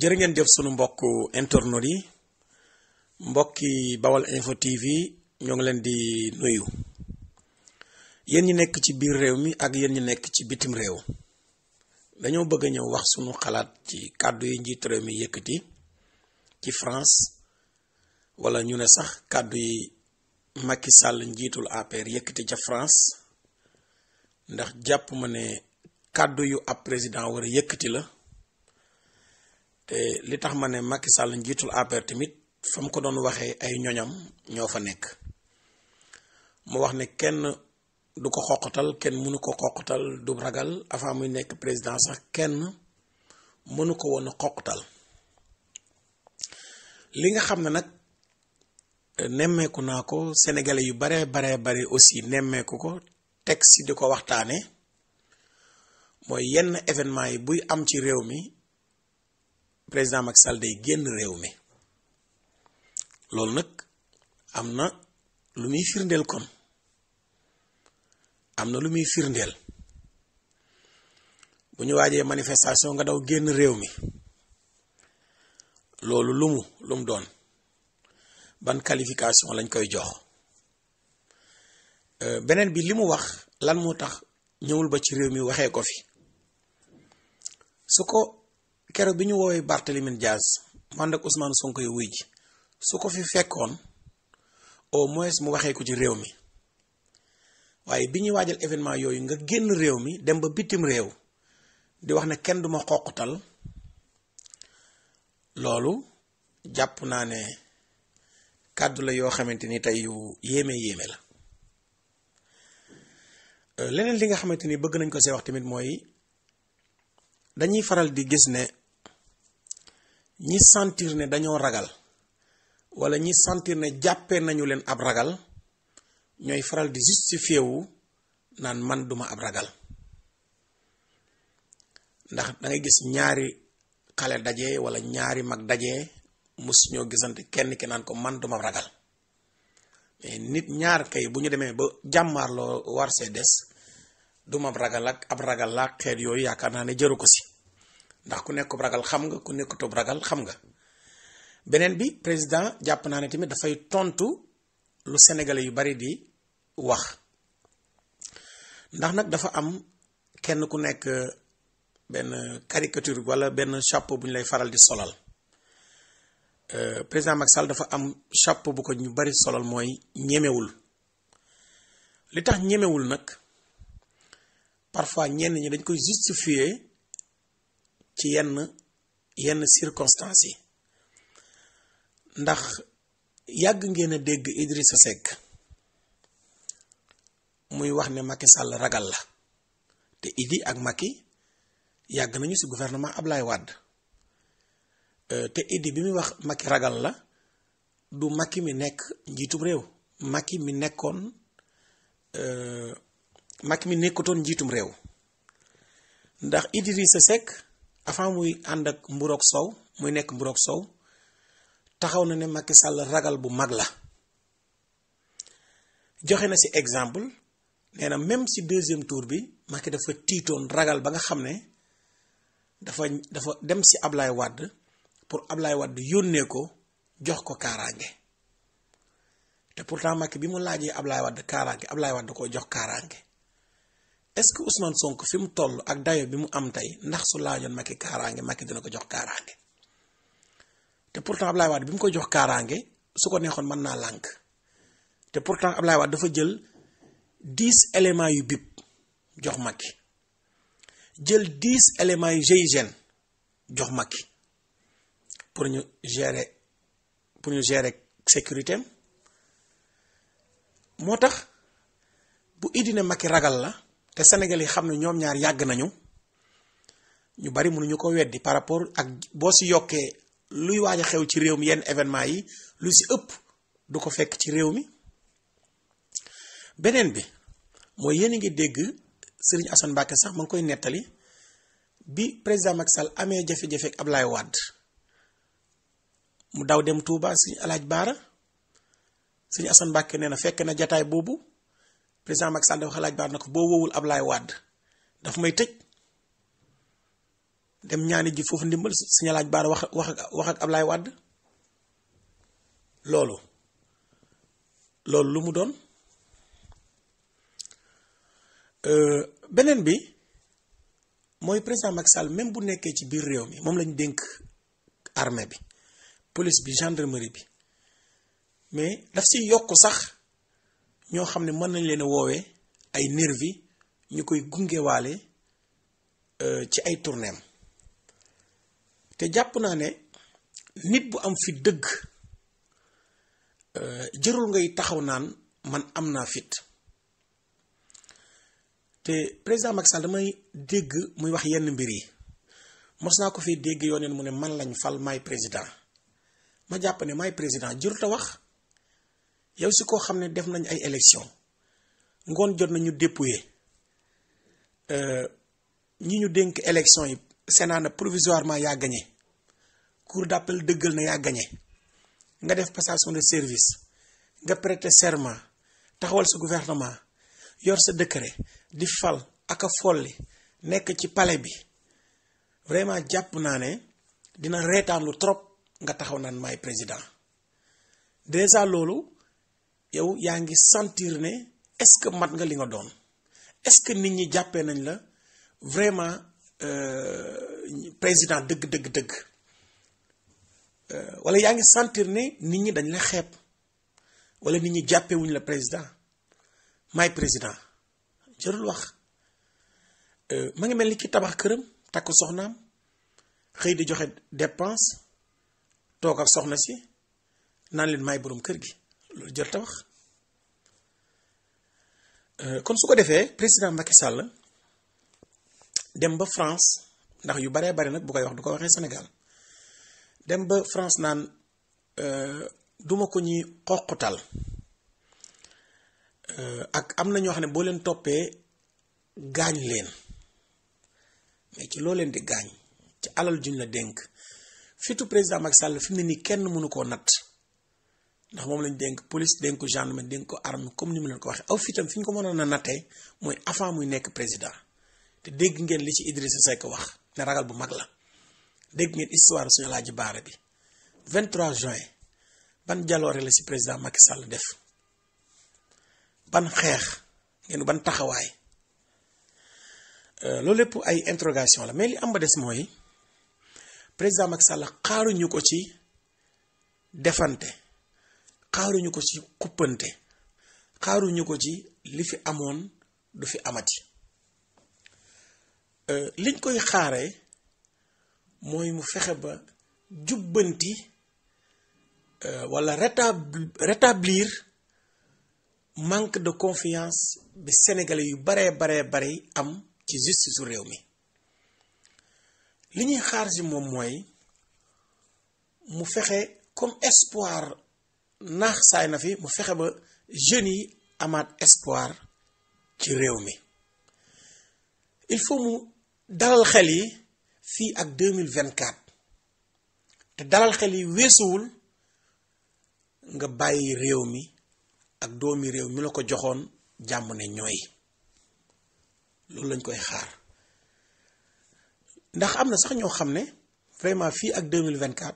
jër ngeen jëf sunu mbokk internautes yi mbokki Bawal Info TV ñoo ngi leen di nuyu yéen ñi nekk ci biir réew mi ak yéen ñi nekk ci bitim réew dañoo bëgg a ñëw wax sunu xalaat ci kàddu yi njiit réew mi yëkkati ci France wala ñu ne sax kàddu yi Macky Sall njiitul APR yëkkati ca France ndax jàpp ma ne kàddu yu ab président war a yëkkati la te li tax ma ne Macky Sall njiitul APR tamit fa mu ko doon waxee ay ñoñam ñoo fa nekk mu wax ne kenn du ko xoqatal kenn mënu ko xoqatal du ragal avant muy nekk président sax kenn mënu ko woon a li nga xam ne nag eh, nemmeeku naa ko sénégalais yu baree baree bare aussi nemmeeku ko teg si di ko waxtaane mooy yenn événement yi buy am ci réew mi président Macky Sall day génn réew mi loolu nag am na lu muy firndeel kon am na lu muy firndeel bu ñu waajee manifestation nga daw génn réew mi loolu lumu lum doon ban qualification lañ koy jox euh, beneen bi li mu wax lan moo tax ñëwul ba ci réew mi waxee ko fi su ko keroog bi ñu woowee Barthélémy Dias man nag Ousmane Sonko yi wuy ji su ko fi fekkoon au moins mu waxee ko ci réew mi waaye bi ñuy waajal événement yooyu nga génn réew mi dem ba bitim réew di wax na kenn duma xoqatal loolu jàpp naa ne kàddu la yoo xamante ni tey yu yéeme yéeme la euh, leneen li nga xamante ni bëgg nañ ko see wax tamit mooy dañuy faral di gis ne ñi sentir ne dañoo ragal wala ñi sentir ne jàppe nañu leen ab ragal ñooy faral di justifié wu naan man duma ab ragal ndax dangay gis ñaari xale daje wala ñaari mag daje musu ñoo gisante kenn ki naan ko man duma ab ragal mais nit ñaar kay bu ñu demee ba jàmmaarloo war see des duma ab ragal ak ab ragal laa xeet yooyu yaakaar naa ne jëru ko si ndax ku nekk ragal xam nga ku nekkutub ragal xam nga beneen bi président jàpp naa ne tamit dafay tontu lu sénégalais yu bari di wax ndax nag dafa am kenn ku nekk benn caricature wala benn chapeau bu ñu lay faral di solal euh, président Macky Sall dafa am chapeau bu ko ñu bari solal mooy ñemewul li tax ñemewul nag parfois ñenn ñi dañ koy justifier ci yenn yenn circonstances yi ndax yàgg ngeen a dégg sa Seck muy wax ne Macky sàll ragal la te Idi ak Macky yàgg nañu ci gouvernement Ablaye wàdd euh, te Idi bi muy wax Macky ragal la du makki mi nekk njiitum réew Macky mi nekkoon euh, Macky mi nekkatoon njiitum réew ndax sa Seck avant muy ànd ak mburook sow muy nekk mburoog sow taxaw na ne Macky sàll ragal bu mag la joxe na si exemple nee na même ci deuxième tour bi Macky dafa tiitoon ragal ba nga xam ne dafa dafa dem ci Ablaye wàdd pour ab Ablaye Wade yónnee ko jox ko kaaraange te pourtant Macky bi mu laajee Ablaye Wade kaaraange ab Wade da koo jox kaaraange est-ce que Ousmane Sonko fi mu toll ak dayo bi mu am tey ndax su laajoon Macky kaaraange Macky dina ko jox kaaraange te pourtant Ablaye Wade bi mu ko jox kaaraange su ko neexoon mën naa lànk te pourtant Ablaye Wade dafa jël dix élément yu bib jox Macky jël dix éléments yu GIGN jox Macky pour ñu gérer pour ñu gérer sécurité am moo tax bu iddi ne Macky ragal la. te senegal yi xam ne ñoom ñaar yàgg nañu ñu bari mënuñu ko weddi par rapport ak boo si yokkee luy waaj a xew ci réew mi yenn événement yi lu si ëpp du ko fekk ci réew mi beneen bi mooy yéen a ngi dégg Serigne Assane Mbacké sax ma ngi koy nettali bi président Macky Sall amee jafe-jafe ak Ablaye Wade mu daw dem tuubaa Serigne Alaaji Baara Serigne Assane Mbacké nee na fekk na jataay boobu président Macky Sall dafa xalaaj baat na ko boo woowul Ablaye wàdd dafa may tëj dem ñaani ji foofu ndimbal suñu laaj baar wax wax wax ak Ablaye wàdd loolu loolu lu mu doon euh, beneen bi mooy président Macky Sall même bu nekkee ci biir réew mi moom lañu dénk armée bi police bi gendarmerie bi mais daf si yokk sax ñoo xam ne mën nañ leen a woowee ay nervi ñu koy gungewaale euh, ci ay tourneem te jàpp naa ne nit bu am fit dëgg euh, jërul ngay taxaw naan man am naa fit te président Macky Sall damay dégg muy wax yenn mbir yi mos naa ko fii dégg yooneen mu ne man lañ fal maay président ma jàpp ne may président jërut a wax yow si koo xam ne def nañ ay élection ngoon jot nañu dépouiller euh, ñi ñu dénk élection yi Sénat na provisoirement yaa gagné cour d'appel dëggal na yaa gagné nga def passation de service nga prêter serment taxawal sa gouvernement yor sa décret di fal ak a folli nekk ci pale bi vraiment jàpp naa ne dina reetaan lu trop nga taxaw naan maay président déjà loolu yow yaa ngi sentir ne est-ce que mat nga li nga doon est-ce que nit ñi jàppee nañ la vraiment euh, président dëgg dëgg dëgg euh, wala yaa ngi sentir ne nit ñi dañ la xeeb wala nit ñi jàppee wuñ la président may président jërul wax euh, ma ngi mel ni ki tabax këram takk soxnaam xëy di joxe dépense toog ak soxna si naan leen may boroom kër gi. loolu jër ta wax euh, kon su ko defee président Macky Sall dem ba France ndax yu baree bari nag bu koy wax du ko waxee senegal dem ba France naan euh, duma ko ñuy xoqutal euh, ak am na ñoo xam ne boo leen toppee gaañ leen mais ci loolu leen di gaañ ci alal juñ la dénk fitu président Macky Sall fi mu ne nii kenn mënu koo natt ndax moom lañ dénk police dénk ko gendarmerie dénk ko armée comme ni mu leen ko waxee aw fitam fi ñu ko mënoon na nattee mooy avant muy nekk président te dégg ngeen li ci Idrissa Seck wax ne ragal bu mag la dégg ngeen histoire suñu laaji baare bi 23 juin ban jaloore la si président Macky Sall def ban xeex ngeen ban taxawaay euh, loolu lépp ay interrogation la mais li am ba des mooy président Macky Sall xaaruñu ko ci defante xaaruñu ko ci kuppante xaaruñu ko ci li fi amoon du fi amati euh, liñ koy xaare mooy mu fexe ba jubbanti euh, walla rétablir manque de confiance bi sénégalais yu baree baree bare am ci justice su réew mi li ñuy xaar si moom mooy mu fexe comme espoir naax saay na fi mu fexe ba jeunes yi amaat espoir ci réew mi il faut mu dalal xel yi fii ak 2024 te dalal xel yi weesuwul nga bàyyi réew mi ak doomi réew mi la ko joxoon jàmm ne ñooy loolu lañ koy xaar ndax am na sax ñoo xam ne vraiment fii ak deux mille 2024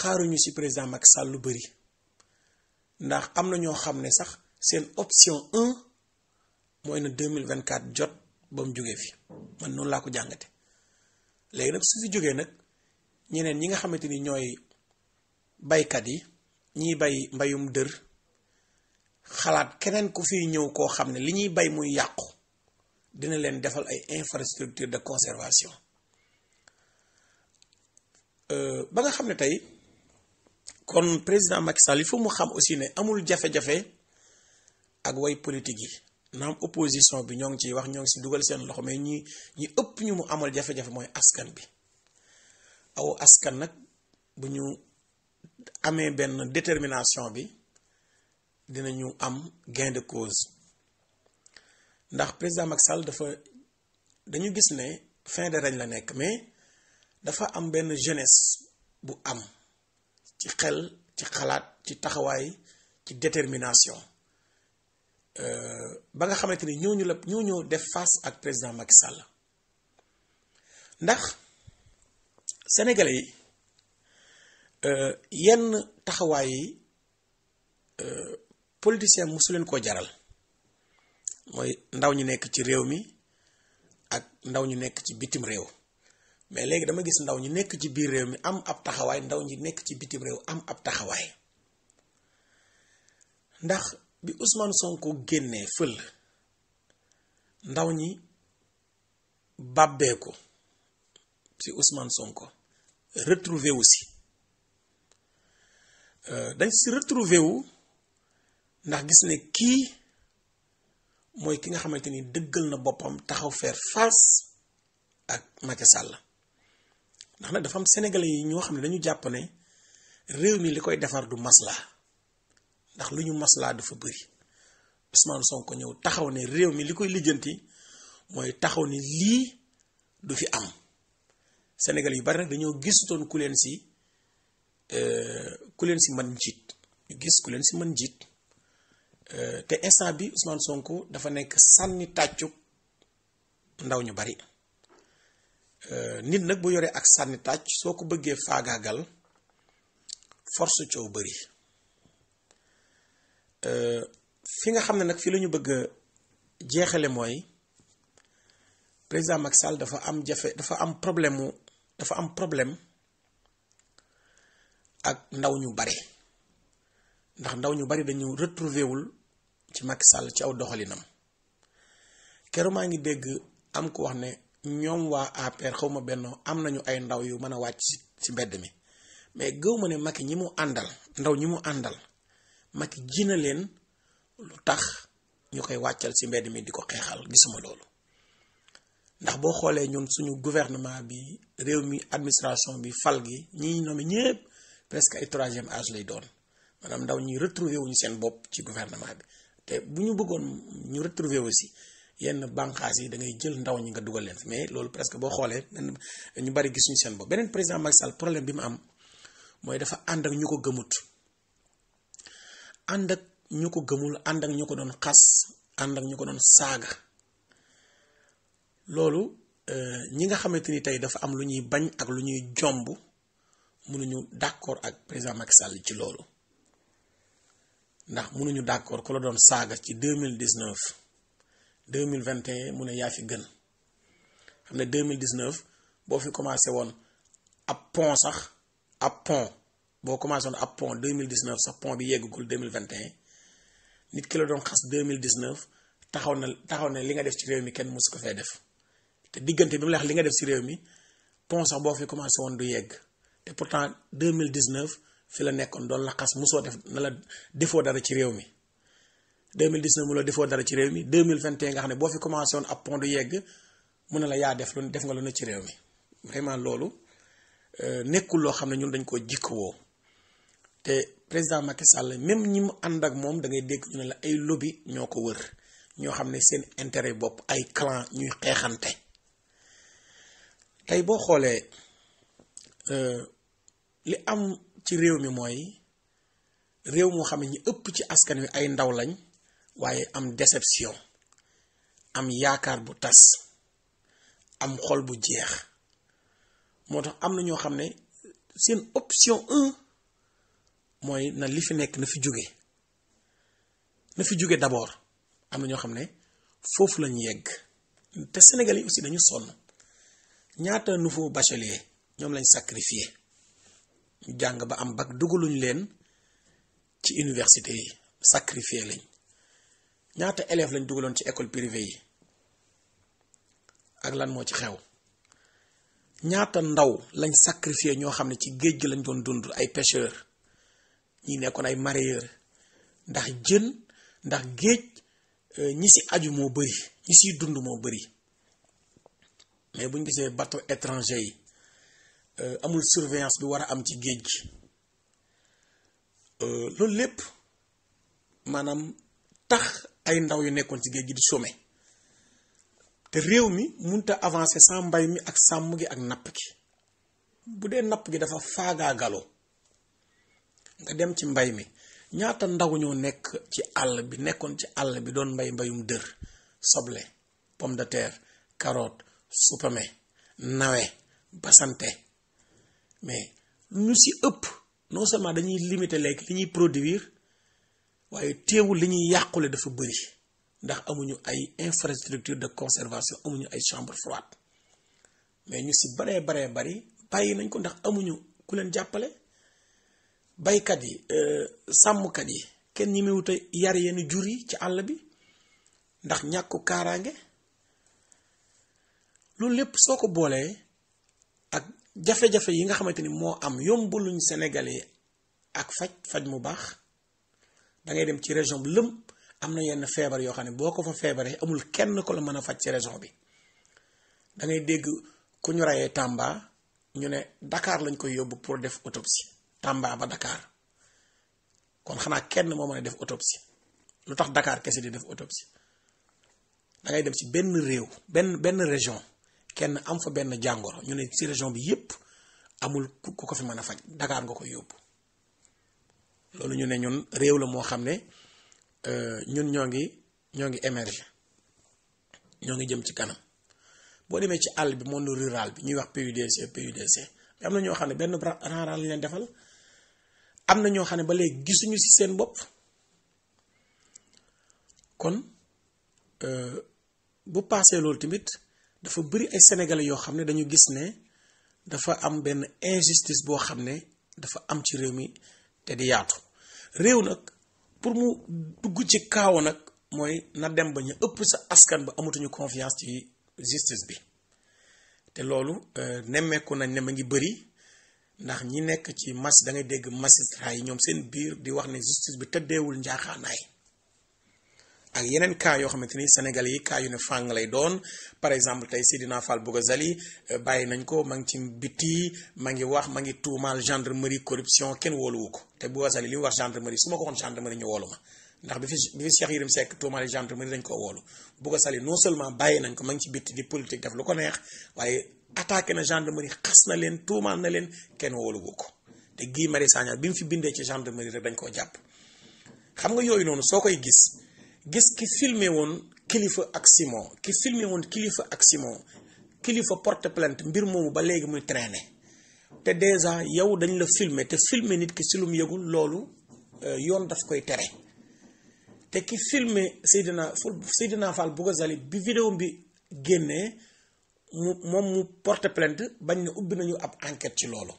xaaruñu ci président Macky Sall lu bari ndax am na ñoo xam ne sax seen option un mooy na 2024 jot ba mu jógee fi man noonu laa ko jàngate léegi nag su fi jógee nag ñeneen ñi nga xamante ni ñooy baykat yi ñiy bay mbayum dër xalaat keneen ku fiy ñëw koo xam ne li ñuy bay muy yàqu dina leen defal ay infrastructure de conservation euh, ba nga xam ne tey kon président Macky Sall il mu xam aussi ne amul jafe-jafe ak way politique yi naam opposition bi ñoo ngi ciy wax ñoo ngi si dugal seen loxo mais ñi ñi ëpp ñu mu amal jafe-jafe mooy askan bi aw askan nag bu ñu amee benn détermination bi dinañu am gain de cause ndax président Macky dafa dañu gis ne fin de règne la nekk mais dafa am benn jeunesse bu am. ci xel ci xalaat ci taxawaay ci détermination euh, ba nga xamante ni ñooñu la ñooñu def face ak président Macky Sall ndax sénégalais yi euh, yenn taxawaay yi euh, politicien mosu leen koo jaral mooy ndaw ñu nekk ci réew mi ak ndaw ñu nekk ci bitim réew mais léegi dama gis ndaw ñi nekk ci biir réew mi am ab taxawaay ndaw ñi nekk ci bitim réew am ab taxawaay ndax bi Ousmane Sonko génnee fël ndaw ñi bàbbee ko ci Ousmane Sonko retrouver wu si euh, dañ si retrouver wu ndax gis ne kii mooy ki nga xamante ni dëggal na boppam taxaw faire face ak Macky ndax nag dafa am sénégalais yi ñoo xam ne dañu jàpp ne réew mi li koy defar du masla ndax lu ñu maslaa dafa bëri Ousmane Sonko ñëw taxaw ne réew mi li koy ligganti mooy taxaw ne lii du fi am Sénégal yu bari nag dañoo gisutoon ku leen si euh, ku leen si man njiit ñu gis ku leen si man njiit euh, te instant bi Ousmane sonk dafa nekk sànni tàccu ndaw ñu bari Euh, nit nag bu yoree ak sànni tàcc soo ko bëggee faagaagal force coow bëri euh, fi nga xam ne nag fi la ñu bëgg jeexale mooy président Macky Sall dafa am jafe dafa am problème mu dafa am problème ak ndaw ñu bare ndax ndaw ñu bari dañu retrouvé wul ci Macky Sall ci aw doxalinam keroog maa ngi dégg am ko wax ne ñoom waa APR xaw ma bennoo am nañu ay ndaw yu mën a wàcc si si mbedd mi mais gëw ma ne Macky ñi mu àndal ndaw ñi mu àndal Macky ji na leen lu tax ñu koy wàccal si mbedd mi di ko xeexal gisuma loolu ndax boo xoolee ñun suñu gouvernement bi réew mi administration bi fal gi ñiy nommé ñëpp presque ay troisième age lay doon maanaam ndaw ñi retrouvé wuñu seen bopp ci gouvernement bi te bu ñu bëggoon ñu retrouvé aussi yenn bànqaas yi dangay jël ndaw ñi nga dugal leen mais loolu presque boo xoolee ñu bari gisuñu seen bopp beneen président Macky Sall problème bi mu am mooy dafa ànd ak ñu ko gëmut ànd ak ñu ko gëmul ànd ak ñu ko doon xas ànd ak ñu ko doon saaga loolu euh, ñi nga xamante ni tey dafa am lu ñuy bañ ak lu ñuy jomb mënuñu d'accord ak président Macky Sall ci loolu ndax mënuñu d'accord ku la doon saaga ci 2019 deux mille vingt et un mu ne yaa fi gën xam ne deux mille dix neuf boo fi commencé woon ab pont sax ab pont boo commencé woon ab pont deux mille dix neuf sax pont bi yeggagul deux mille vingt nit ki la doon xas deux mille dix neuf taxaw na taxaw na li nga def ci réew mi kenn mosu ko fee def te diggante bi mu li nga def ci réew mi pont sax boo fi commencé woon du yegg te pourtant deux mille dix neuf fi la nekkoon doon la xas mosoo def na la defoo dara ci réew mi. 2019 mu la defoo dara ci réew mi 2021 nga xam ne boo fi commencé woon ab pont du yegg mu ne la yaa def lu def nga ci réew mi vraiment loolu euh, nekkul loo xam ne ñun dañ ko jikkowoo te président Macky Sall même ñi mu ànd ak moom da ngay dégg ñu ne la ay lobby ñoo ko wër ñoo xam ne seen intérêt bopp ay clan ñuy xeexante tey boo xoolee euh, li am ci réew mi mooy réew moo xam ne ñi ëpp ci askan wi ay ndaw lañ waaye am déception am yaakaar bu tas am xol bu jeex moo tax am na ñoo xam ne seen option mooy na li fi nekk na fi jóge na fi jóge d'abord am na ñoo xam ne foofu lañu yegg te Sénégal yi aussi dañu sonn ñaata nouveau bacheler ñoom lañ sacrifié ñu jàng ba am bac dugaluñ leen ci université yi sacrifier lañ ñaata élèves lañ dugaloon ci école privée yi ak lan moo ci xew ñaata ndaw lañ sacrifié ñoo xam ne ci géej gi lañ doon dund ay pêcheurs ñi nekkoon ay mareyeurs ndax jën ndax géej euh, ñi si aju moo bëri ñi siy dund moo bëri mais bu ñu gisee bateau étranger yi euh, amul surveillance bi war a am ci géej gi euh, loolu lépp maanaam tax ay ndaw yu nekkoon ci géej gi di te réew mi munta avancer sans mbay mi ak sàmm gi ak napp gi bu dee napp gi dafa faagaagaloo nga dem ci mbay mi ñaata ndaw ñoo nekk ci àll bi nekkoon ci àll bi doon mbay mbayum dër soble pomme de terre karoot supame nawe basante mais ñu si ëpp non seulement dañuy limiter lekk li ñuy produire waaye teewul li ñuy yàqule dafa bëri ndax amuñu ay infrastructure de conservation amuñu ay chambre froide mais ñu si baree baree bari bàyyi nañ ko ndax amuñu ku leen jàppale baykat yi euh, sàmmkat yi kenn ñi muy wute yar yenn jur yi ci àll bi ndax ñàkku kaaraange loolu lépp soo ko boolee ak jafe-jafe yi nga xamante ni moo am yombaluñ Sénégalais ak faj faj mu baax da ngay dem ci région bi lëm am na yenn feebar yoo xam ne boo ko fa feebaree amul kenn ko la mën a faj ci région bi da ngay dégg ku ñu rayee Tamba ñu ne dakaar lañ koy yóbbu pour def autopsie Tamba ba Dakar kon xanaa kenn moo mën a def autopsie lu tax dakaar kese di def autopsie da ngay dem ci benn réew benn benn région kenn am fa benn jàngoro ñu ne ci région bi yépp amul ku ko fi mën a faj dakaar nga koy yóbbu. loolu ñu ne ñun réew la moo xam ne euh, ñun ñoo ngi ñoo ngi émerger ñoo ngi jëm ci kanam boo demee ci àll bi monde rural bi ñuy wax PUDC PUDC am na ñoo xam ne benn ran ran lañ leen defal am na ñoo xam ne ba léegi gisuñu ci seen bopp kon euh, bu paasee loolu tamit dafa bëri ay sénégalais yoo xam ne dañu gis ne dafa am benn injustice boo xam ne dafa am ci réew mi te di yaatu réew nag pour mu dugg ci kaaw nag mooy na dem ba ñu ëpp sa askan ba amatuñu confiance ci justice bi te loolu euh, nemmeeku nañ ne ma ngi bëri ndax ñi nekk ci mas da ngay dégg magistrat yi ñoom seen biir di wax ne justice bi tëddeewul njaaxaanaay ak yeneen cas yoo xamante ni Sénégal yi cas ne fàng lay doon par exemple tey si Sidina Fall Boughazali euh, bàyyi nañ ko ma ngi ci biti ma ngi wax ma ngi tuumaal gendarmerie corruption kenn wóoluwu ko te Boughazali li mu wax gendarmerie su ma ko waxoon gendarmerie ñu woolu ma ndax bi fi bi fi Cheikh Yérim Seck tuumaale gendarmerie dañ ko woolu Boughazali non seulement bàyyi nañ ko ma ngi ci bitti di politique def lu ko neex waaye attaqué na gendarmerie xas na leen tuumaal na leen kenn wóoluwu ko te Guy Marius Sagna bi mu fi bindee ci gendarmerie rek dañ koo jàpp xam nga yooyu noonu soo koy gis gis ki filmé woon kilifa ak Simon ki filmé kilifa ak kilifa porte plainte mbir moomu ba léegi muy traîné te déjà yow dañ la filmer te filmer nit ki si lu mu yëgul loolu euh, yoon daf koy tere te ki filmer Seydina Seydina Fall Boughazali bi vidéo bi génnee moom mu porte plainte bañ ne ubbi nañu ab enquête ci loolu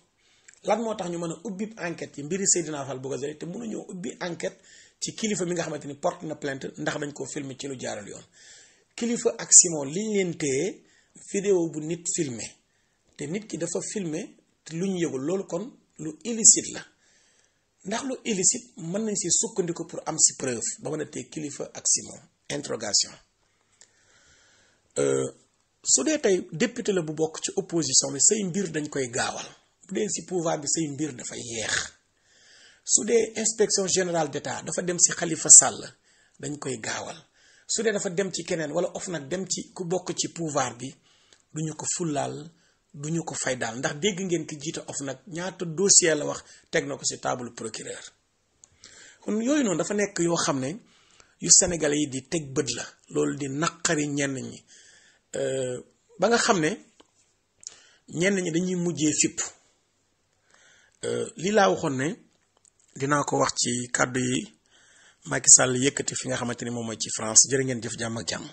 lan moo tax ñu mën a ubbi enquête yi mbiri Seydina Fall Boughazali te mun mënuñoo ubbi enquête ci kilifa mi nga xamante ni porte na plainte ndax dañ koo filmer ci lu jaaral yoon kilifa ak Simon liñ leen téye vidéo bu nit filmer te nit ki dafa filmer te lu ñu yëgul loolu kon lu illicite la ndax lu illicite mën nañ si sukkandiku pour am si preuve ba mën a téye kilifa ak Simon interrogation euh, su dee tey député la bu bokk ci opposition bi say mbir dañ koy gaawal bu dee si pouvoir bi say mbir dafay yeex su dee inspection général d'État dafa dem si xalifa Sall dañ koy gaawal su dee dafa dem ci keneen wala of nag dem ci ku bokk ci pouvoir bi duñu ko fullaal duñu ko fay daal ndax dégg ngeen ki jiite of nag ñaata dossier la wax teg na ko si table procureur kon yooyu noonu dafa nekk yoo xam ne yu sénégalais yi di teg bët la loolu di naqari ñenn ñi euh, ba nga xam ne ñenn ñi dañuy mujjee fipp euh, lii laa waxoon ne dinaa ko wax ci kàddu yi Macky Sall yëkkati fi nga xamante ni moom mooy ci France jërë ngeen jëf jàmm ak jàmm.